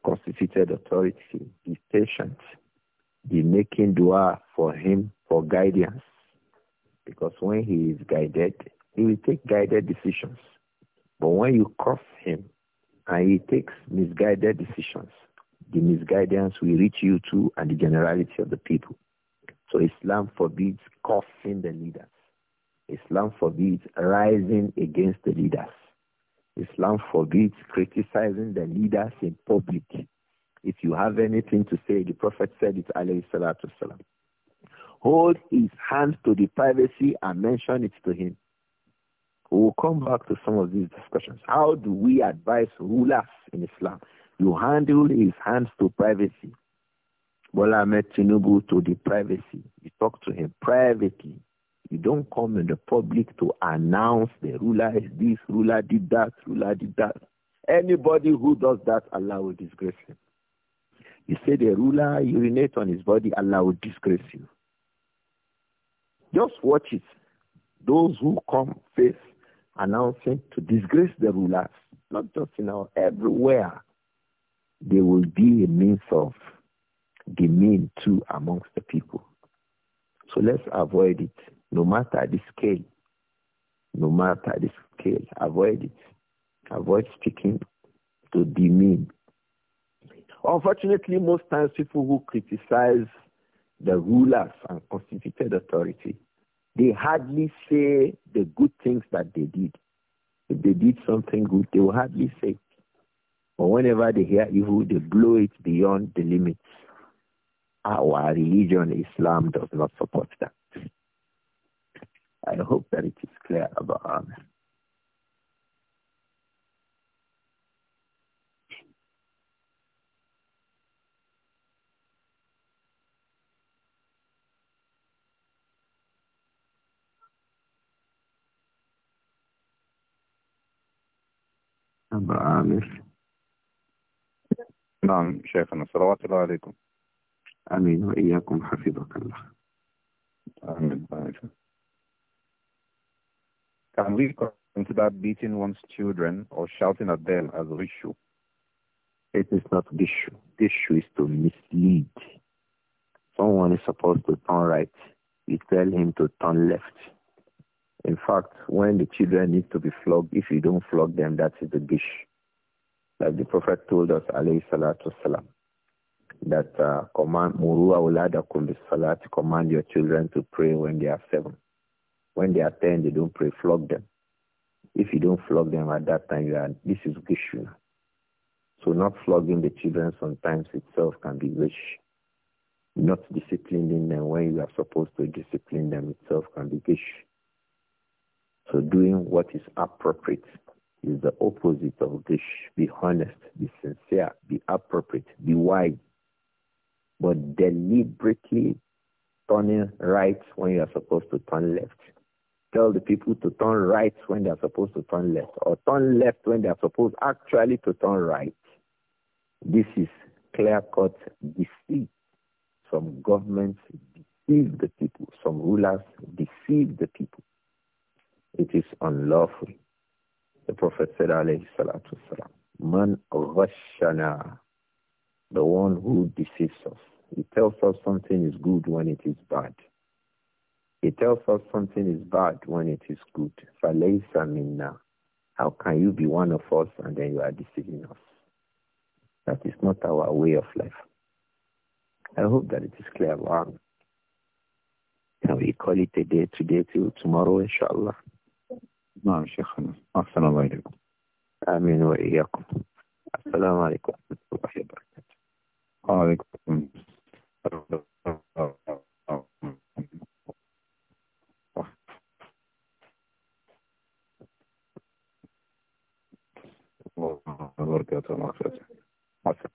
constituted authority, be patient, be making dua for him for guidance. Because when he is guided, he will take guided decisions. But when you curse him and he takes misguided decisions, the misguidance will reach you too and the generality of the people. So Islam forbids cursing the leader. Islam forbids rising against the leaders. Islam forbids criticizing the leaders in public. If you have anything to say, the Prophet said it, alayhi salatu Hold his hand to the privacy and mention it to him. We will come back to some of these discussions. How do we advise rulers in Islam? You handle his hands to privacy. Bola Ahmed Tinubu to the privacy. You talk to him privately. You don't come in the public to announce the ruler is this, ruler did that, ruler did that. Anybody who does that, Allah will disgrace him. You say the ruler urinate on his body, Allah will disgrace you. Just watch it. Those who come face announcing to disgrace the rulers, not just in our everywhere, they will be a means of demean too amongst the people. So let's avoid it no matter the scale, no matter the scale, avoid it. Avoid speaking to demean. Unfortunately, most times people who criticize the rulers and constituted authority, they hardly say the good things that they did. If they did something good, they will hardly say But whenever they hear evil, they blow it beyond the limits. Our religion, Islam, does not support that. I hope that it is clear about Amir. أبو عامر نعم شيخنا صلوات الله عليكم آمين وإياكم حفظك الله آمين, آمين. Can we consider beating one's children or shouting at them as a issue? It is not issue. Issue is to mislead. Someone is supposed to turn right. You tell him to turn left. In fact, when the children need to be flogged, if you don't flog them, that is the dish. Like the Prophet told us, alayhi salatu wasalam, that uh, command, murua uladakum bis command your children to pray when they are seven. When they are 10, they don't pray, flog them. If you don't flog them at that time, you are, this is gishuna. So not flogging the children sometimes itself can be wish. Not disciplining them when you are supposed to discipline them itself can be gish. So doing what is appropriate is the opposite of gish. Be honest, be sincere, be appropriate, be wise. But deliberately turning right when you are supposed to turn left tell the people to turn right when they're supposed to turn left or turn left when they're supposed actually to turn right. This is clear-cut deceit. Some governments deceive the people. Some rulers deceive the people. It is unlawful. The Prophet said, alayhi salatu salam, Man ghashana, the one who deceives us. He tells us something is good when it is bad. He tells us something is bad when it is good. Falaysa How can you be one of us and then you are deceiving us? That is not our way of life. I hope that it is clear. Wow. Can we call it a day today till tomorrow, inshallah? نعم شيخنا أحسن الله إليكم آمين وإياكم السلام عليكم ورحمة Wa وبركاته وعليكم السلام وبركاته مع السلامة